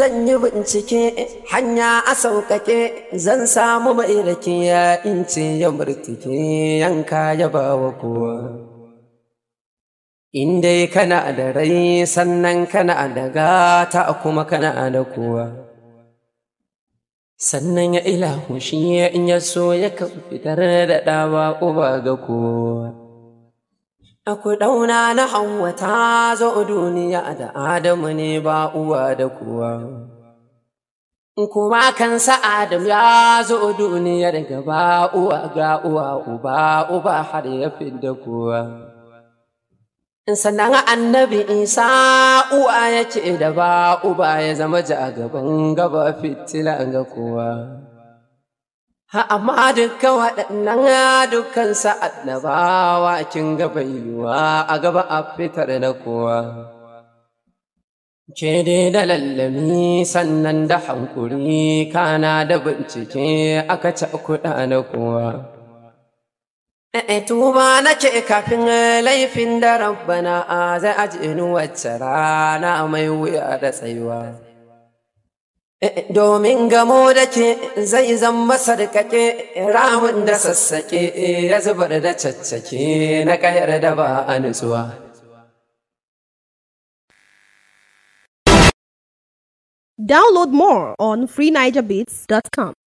zan yi bincike hanya a sauƙaƙe zan samu mai rake ya ince ya murtuke yanka ya bawa kowa in dai kana da rai sannan kana da gata kuma kana da kowa sannan ya ilahu shi in ya so ya kan fitar da ɗawa uba ga kowa A kuɗauna na Hauwa ta zo duniya da Adamu ne ba uwa da kuwa. Kuma kansa Adamu ya zo duniya daga ba uwa ga uwa uba uba har ya da kuwa. Sannan annabi Isa uwa ya ce da ba uba ya zama ji a gaban gaba fitila ga kowa. amma duka waɗannan dukkan Sa'ad ba wa kin gaba yiwuwa, a gaba a fitar na kowa ke dai da lallami sannan da hankuri kana da bincike aka ci kuɗa na kowa eh, Tuba nake kafin laifin da rabbana zai ajinu wacce rana mai wuya da tsayuwa. domin gamo da ke zai zan da sassake ya zubar da caccake na kayar da ba a nutsuwa. Download more on freenigerbeats.com.